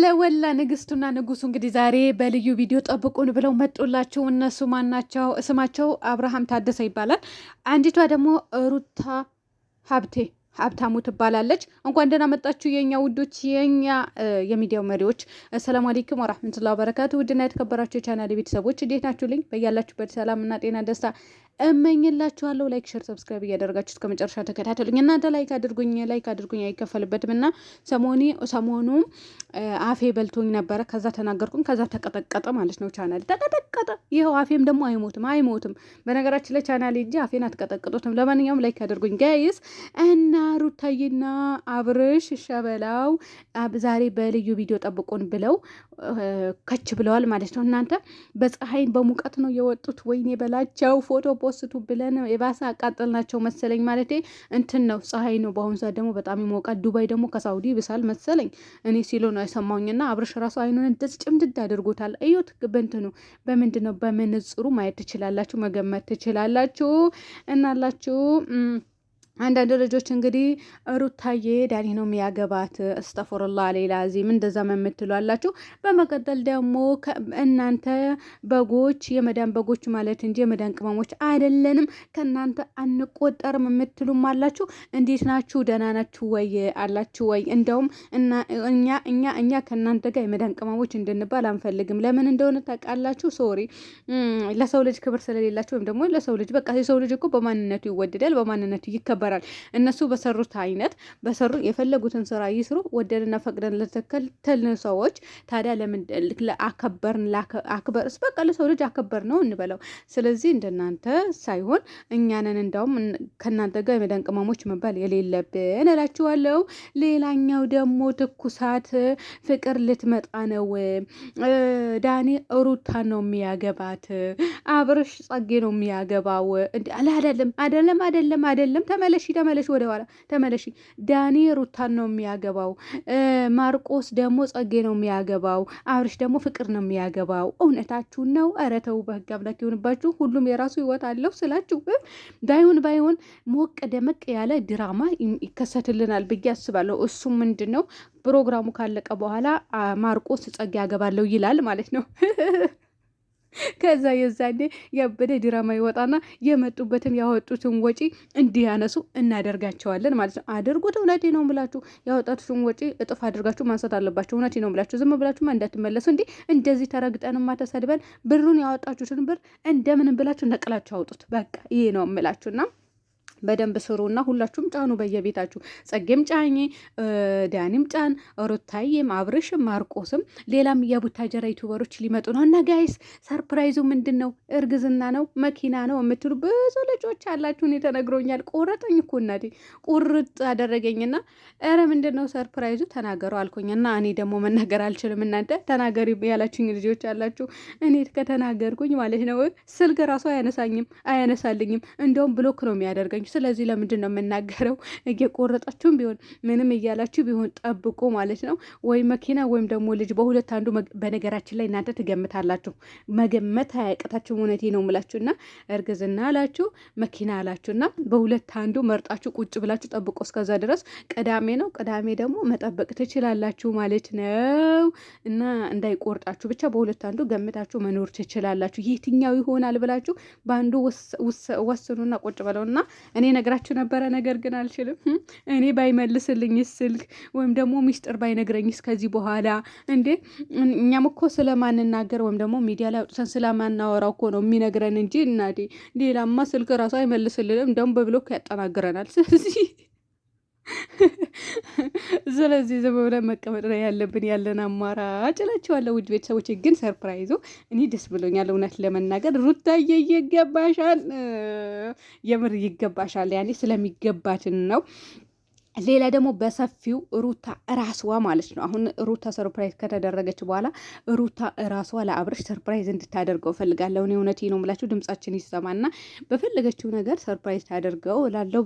ወለወላ ንግስቱና ንጉሱ እንግዲህ ዛሬ በልዩ ቪዲዮ ጠብቁን ብለው መጡላቸው። እነሱ ማናቸው? ስማቸው አብርሃም ታደሰ ይባላል። አንዲቷ ደግሞ ሩታ ሀብቴ ሀብታሙ ትባላለች። እንኳን ደህና መጣችሁ የእኛ ውዶች፣ የእኛ የሚዲያው መሪዎች። አሰላሙ አለይኩም ወራህመቱላሂ ወበረካቱ። ውድና የተከበራችሁ የቻናል ቤተሰቦች እንዴት ናችሁ? ናችሁልኝ? በያላችሁበት ሰላምና ጤና ደስታ እመኝላችኋለሁ። ላይክ፣ ሸር፣ ሰብስክራይብ እያደረጋችሁ እስከ መጨረሻ ተከታተሉኝ። እናንተ ላይክ አድርጉኝ፣ ላይክ አድርጉኝ አይከፈልበትም እና ሰሞኔ ሰሞኑ አፌ በልቶኝ ነበረ። ከዛ ተናገርኩኝ፣ ከዛ ተቀጠቀጠ ማለት ነው። ቻናል ተቀጠቀጠ። ይኸው አፌም ደግሞ አይሞትም፣ አይሞትም። በነገራችን ላይ ቻናል እንጂ አፌን አትቀጠቅጡትም። ለማንኛውም ላይክ አድርጉኝ ጋይስ። እና ሩታዬና አብርሽ ሸበላው ዛሬ በልዩ ቪዲዮ ጠብቁን ብለው ከች ብለዋል ማለት ነው። እናንተ በፀሐይን በሙቀት ነው የወጡት። ወይኔ በላቸው ፎቶ ሲፖስቱ ብለን የባሰ አቃጠልናቸው መሰለኝ። ማለት እንትን ነው ፀሐይ ነው። በአሁኑ ሰዓት ደግሞ በጣም ይሞቃል። ዱባይ ደግሞ ከሳውዲ ይብሳል መሰለኝ እኔ ሲሉ ነው ና አብርሽ ራሱ አይኑን እንደዚ ጭምድድ አድርጎታል። እዩት። በእንትኑ በምንድን ነው በምንጽሩ ማየት ትችላላችሁ፣ መገመት ትችላላችሁ እናላችሁ አንዳንድ ልጆች እንግዲህ ሩታዬ ዳኒ ነው የሚያገባት፣ እስተፎርላ ሌላ ዚም እንደዛ የምትሉ አላችሁ። በመቀጠል ደግሞ እናንተ በጎች የመዳን በጎች ማለት እንጂ የመዳን ቅመሞች አይደለንም፣ ከእናንተ አንቆጠርም የምትሉም አላችሁ። እንዴት ናችሁ? ደህና ናችሁ ወይ አላችሁ ወይ? እንደውም እኛ እኛ እኛ ከእናንተ ጋር የመዳን ቅመሞች እንድንባል አንፈልግም። ለምን እንደሆነ ታውቃላችሁ? ሶሪ ለሰው ልጅ ክብር ስለሌላችሁ ወይም ደግሞ ለሰው ልጅ በቃ የሰው ልጅ እኮ በማንነቱ ይወደዳል፣ በማንነቱ ይከበራል። ይከበራል። እነሱ በሰሩት አይነት በሰሩ የፈለጉትን ስራ ይስሩ። ወደንና ፈቅደን ለተከተልን ሰዎች ታዲያ ለምን አከበርን? አክበርስ በቃ ለሰው ልጅ አከበር ነው እንበለው። ስለዚህ እንደናንተ ሳይሆን እኛንን እንዳውም ከእናንተ ጋር የመዳን ቅመሞች መባል የሌለብን እላችኋለሁ። ሌላኛው ደግሞ ትኩሳት ፍቅር ልትመጣ ነው። ዳኔ ሩታ ነው የሚያገባት፣ አብርሽ ጸጌ ነው የሚያገባው። አይደለም አይደለም አይደለም አይደለም ተመለ ተመለሺ ተመለሺ፣ ወደኋላ ተመለሺ። ዳኒ ሩታን ነው የሚያገባው፣ ማርቆስ ደግሞ ጸጌ ነው የሚያገባው፣ አብርሽ ደግሞ ፍቅር ነው የሚያገባው። እውነታችሁን ነው። ኧረ ተው፣ በህግ አምላክ ይሁንባችሁ። ሁሉም የራሱ ህይወት አለው ስላችሁ ባይሆን ባይሆን ሞቅ ደመቅ ያለ ድራማ ይከሰትልናል ብዬ አስባለሁ። እሱም ምንድን ነው ፕሮግራሙ ካለቀ በኋላ ማርቆስ ጸጌ ያገባለው ይላል ማለት ነው። ከዛ የዛኔ ያበደ ድራማ ይወጣና የመጡበትን ያወጡትን ወጪ እንዲያነሱ እናደርጋቸዋለን ማለት ነው። አድርጉት። እውነቴ ነው ብላችሁ ያወጣችሁትን ወጪ እጥፍ አድርጋችሁ ማንሳት አለባችሁ። እውነቴ ነው ብላችሁ ዝም ብላችሁ እንዳትመለሱ። እንዲ እንደዚህ ተረግጠንማ ተሰድበን ብሩን ያወጣችሁትን ብር እንደምንም ብላችሁ ነቅላችሁ አውጡት። በቃ ይሄ ነው የምላችሁና በደንብ ስሩ እና ሁላችሁም ጫኑ በየቤታችሁ። ጸጌም ጫኝ፣ ዳኒም ጫን፣ ሩታዬም፣ አብርሽም፣ ማርቆስም ሌላም የቡታጀራ ዩቱበሮች ሊመጡ ነው እና ጋይስ ሰርፕራይዙ ምንድን ነው? እርግዝና ነው መኪና ነው የምትሉ ብዙ ልጆች አላችሁን። የተነግሮኛል ቆረጠኝ እኮ እናቴ ቁርጥ አደረገኝና ኧረ ምንድን ነው ሰርፕራይዙ ተናገሩ አልኩኝ እና እኔ ደግሞ መናገር አልችልም። እናንተ ተናገሪ ያላችሁኝ ልጆች አላችሁ። እኔ ከተናገርኩኝ ማለት ነው ስልክ ራሱ አያነሳኝም አያነሳልኝም። እንደውም ብሎክ ነው የሚያደርገኝ ስለዚህ ለምንድን ነው የምናገረው? እየቆረጣችሁም ቢሆን ምንም እያላችሁ ቢሆን ጠብቁ ማለት ነው። ወይም መኪና ወይም ደግሞ ልጅ በሁለት አንዱ። በነገራችን ላይ እናንተ ትገምታላችሁ፣ መገመት አያቅታችሁ። እውነቴ ነው የምላችሁና እርግዝና አላችሁ መኪና አላችሁና በሁለት አንዱ መርጣችሁ ቁጭ ብላችሁ ጠብቆ እስከዛ ድረስ ቅዳሜ ነው። ቅዳሜ ደግሞ መጠበቅ ትችላላችሁ ማለት ነው እና እንዳይቆርጣችሁ ብቻ በሁለት አንዱ ገምታችሁ መኖር ትችላላችሁ። የትኛው ይሆናል ብላችሁ በአንዱ ወስኑና ቁጭ በለውና እኔ ነግራችሁ ነበረ፣ ነገር ግን አልችልም። እኔ ባይመልስልኝ ስልክ ወይም ደግሞ ሚስጥር ባይነግረኝስ ከዚህ በኋላ እንዴ? እኛም እኮ ስለማንናገር ወይም ደግሞ ሚዲያ ላይ አውጥተን ስለማናወራው እኮ ነው የሚነግረን እንጂ እናዴ፣ ሌላማ ስልክ ራሱ አይመልስልንም። ደግሞ በብሎክ ያጠናግረናል። ስለዚህ ስለዚህ ዝም ብለን መቀመጥ ነው ያለብን፣ ያለን አማራጭ እላችኋለሁ። ውድ ቤተሰቦች ግን ሰርፕራይዙ እኔ ደስ ብሎኛል፣ እውነት ለመናገር ሩታዬ ይገባሻል፣ የምር ይገባሻል። ያኔ ስለሚገባትን ነው ሌላ ደግሞ በሰፊው ሩታ እራስዋ ማለት ነው። አሁን ሩታ ሰርፕራይዝ ከተደረገች በኋላ ሩታ እራስዋ ለአብርሽ ሰርፕራይዝ እንድታደርገው ፈልጋለሁ። እኔ እውነት ነው የምላችሁ ድምጻችን ይሰማና በፈለገችው ነገር ሰርፕራይዝ ታደርገው ላለው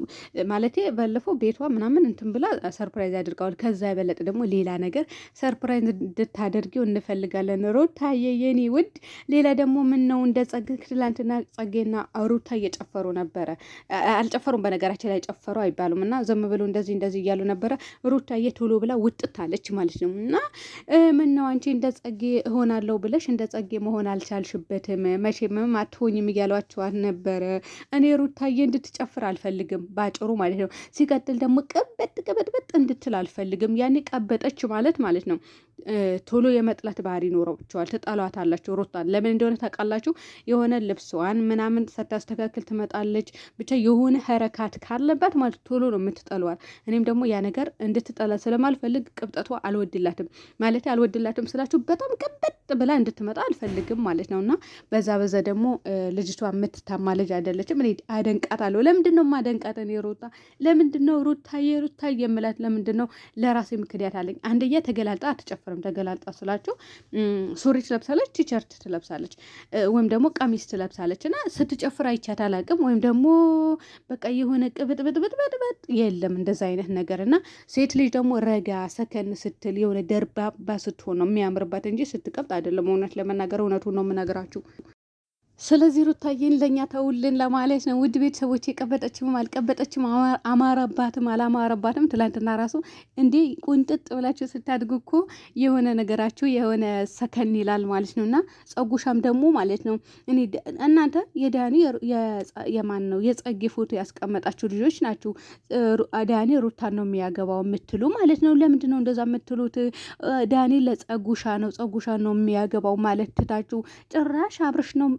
ማለት ባለፈው ቤቷ ምናምን እንትን ብላ ሰርፕራይዝ አድርገዋል። ከዛ የበለጠ ደግሞ ሌላ ነገር ሰርፕራይዝ እንድታደርጊው እንፈልጋለን ሩታ የኔ ውድ። ሌላ ደግሞ ምን ነው እንደ ጸግ ትላንትና ጸጌና ሩታ እየጨፈሩ ነበረ። አልጨፈሩም በነገራችን ላይ ጨፈሩ አይባሉም እና ዝም ብሎ እንደዚህ እንደዚህ እንደዚህ እያሉ ነበረ። ሩታዬ ቶሎ ብላ ውጥት አለች ማለት ነው። እና ምን ነው አንቺ እንደ ጸጌ እሆናለሁ ብለሽ እንደ ጸጌ መሆን አልቻልሽበትም፣ መቼምም አትሆኝም እያሏቸዋት ነበረ። እኔ ሩታዬ እንድትጨፍር አልፈልግም፣ ባጭሩ ማለት ነው። ሲቀጥል ደግሞ ቀበጥ ቀበጥበጥ እንድትል አልፈልግም። ያኔ ቀበጠች ማለት ማለት ነው። ቶሎ የመጥላት ባህሪ ይኖራቸዋል። አላቸው ሩታን ለምን እንደሆነ ታውቃላችሁ? የሆነ ልብስዋን ምናምን ሳታስተካክል ትመጣለች። ብቻ የሆነ ሀረካት ካለባት ማለት ቶሎ ነው የምትጠሏል። እኔም ደግሞ ያ ነገር እንድትጠላ ስለማልፈልግ ቅብጠቷ አልወድላትም ማለት አልወድላትም ስላችሁ በጣም ቅብጥ ብላ እንድትመጣ አልፈልግም ማለት ነው። እና በዛ በዛ ደግሞ ልጅቷ የምትታማ ልጅ አይደለችም። እኔ አደንቃታለሁ። ለምንድን ነው የማደንቃት? እኔ ሩታ ለምንድን ነው ሩታ የሩታ የምላት ለምንድን ነው? ለራሴ ምክንያት አለኝ። አንደኛ ተገላልጣ አትጨፍርም አይኖርም። ተገላልጣ ስላችሁ ሱሪ ትለብሳለች፣ ቲሸርት ትለብሳለች፣ ወይም ደግሞ ቀሚስ ትለብሳለች እና ስትጨፍር አይቻት አላቅም። ወይም ደግሞ በቃ የሆነ ቅብጥብጥብጥብጥ የለም እንደዛ አይነት ነገር እና ሴት ልጅ ደግሞ ረጋ ሰከን ስትል የሆነ ደርባባ ስትሆን ነው የሚያምርበት እንጂ ስትቀብጥ አይደለም። እውነት ለመናገር እውነቱ ነው የምነግራችሁ። ስለዚህ ሩታዬን ለእኛ ተውልን ለማለት ነው። ውድ ቤተሰቦች የቀበጠችም አልቀበጠችም አማረባትም አላማረባትም ትላንትና ራሱ እንዴ ቁንጥጥ ብላችሁ ስታድጉ እኮ የሆነ ነገራችሁ የሆነ ሰከን ይላል ማለት ነው። እና ጸጉሻም ደግሞ ማለት ነው እናንተ የዳኒ የማን ነው የጸጌ ፎቶ ያስቀመጣችሁ ልጆች ናችሁ። ዳኒ ሩታን ነው የሚያገባው የምትሉ ማለት ነው። ለምንድን ነው እንደዛ የምትሉት? ዳኒ ለጸጉሻ ነው ጸጉሻ ነው የሚያገባው ማለት ትታችሁ ጭራሽ አብርሽ ነው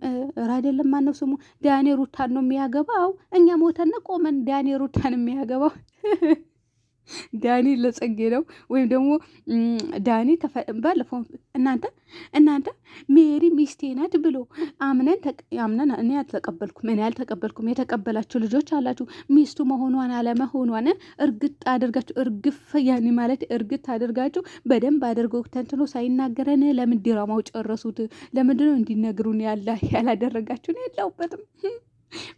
ኧረ አይደለም ማነው ስሙ ዳኔ ሩታን ነው የሚያገባው። እኛ ሞተን ቆመን ዳኔ ሩታን የሚያገባው ዳኒ ለጸጌ ነው ወይም ደግሞ ዳኒ ባለፈው እናንተ እናንተ ሜሪ ሚስቴ ናት ብሎ አምነን አምነን እኔ አልተቀበልኩም እኔ አልተቀበልኩም። የተቀበላችሁ ልጆች አላችሁ ሚስቱ መሆኗን አለመሆኗን እርግጥ አድርጋችሁ እርግፍ ያኒ ማለት እርግጥ አድርጋችሁ በደንብ አድርገው ተንትኖ ሳይናገረን ለምን ዲራማው ጨረሱት? ለምንድነው እንዲነግሩን ያላ ያላደረጋችሁን የለውበትም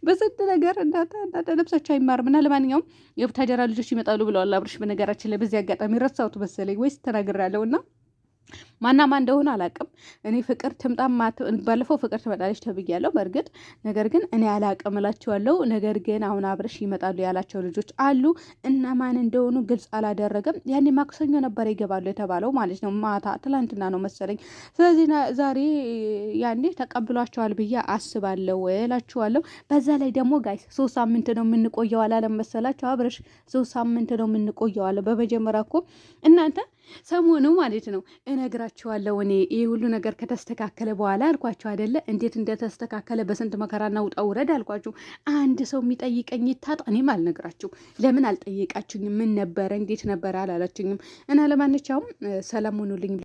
በስንት ነገር እናንተ እናንተ ልብሳቸው አይማርም እና ለማንኛውም የቡታጀራ ልጆች ይመጣሉ ብለዋል አብርሽ። በነገራችን ላይ በዚህ አጋጣሚ ረሳሁት መሰለኝ ወይስ ተናግሬያለሁ እና ማናማ እንደሆነ አላቅም። እኔ ፍቅር ትምጣ ባለፈው ፍቅር ትመጣለች ተብያለሁ። በእርግጥ ነገር ግን እኔ አላቅም እላቸዋለሁ። ነገር ግን አሁን አብረሽ ይመጣሉ ያላቸው ልጆች አሉ እና ማን እንደሆኑ ግልጽ አላደረገም። ያኔ ማክሰኞ ነበር ይገባሉ የተባለው ማለት ነው። ማታ ትላንትና ነው መሰለኝ። ስለዚህ ዛሬ ያኔ ተቀብሏቸዋል ብዬ አስባለሁ እላችኋለሁ። በዛ ላይ ደግሞ ጋይ ሶስት ሳምንት ነው የምንቆየው አላለም መሰላቸው አብረሽ ሶስት ሳምንት ነው የምንቆየዋለሁ። በመጀመሪያ እኮ እናንተ ሰሞኑ ማለት ነው እነግራችኋለሁ። እኔ ይህ ሁሉ ነገር ከተስተካከለ በኋላ አልኳቸው አይደለ? እንዴት እንደተስተካከለ በስንት መከራና ውጣ ውረድ አልኳችሁ። አንድ ሰው የሚጠይቀኝ ይታጣ። እኔም አልነግራችሁ። ለምን አልጠየቃችሁኝም? ምን ነበረ? እንዴት ነበረ? አላላችሁኝም እና ለማንኛውም ሰላም ሁኑልኝ።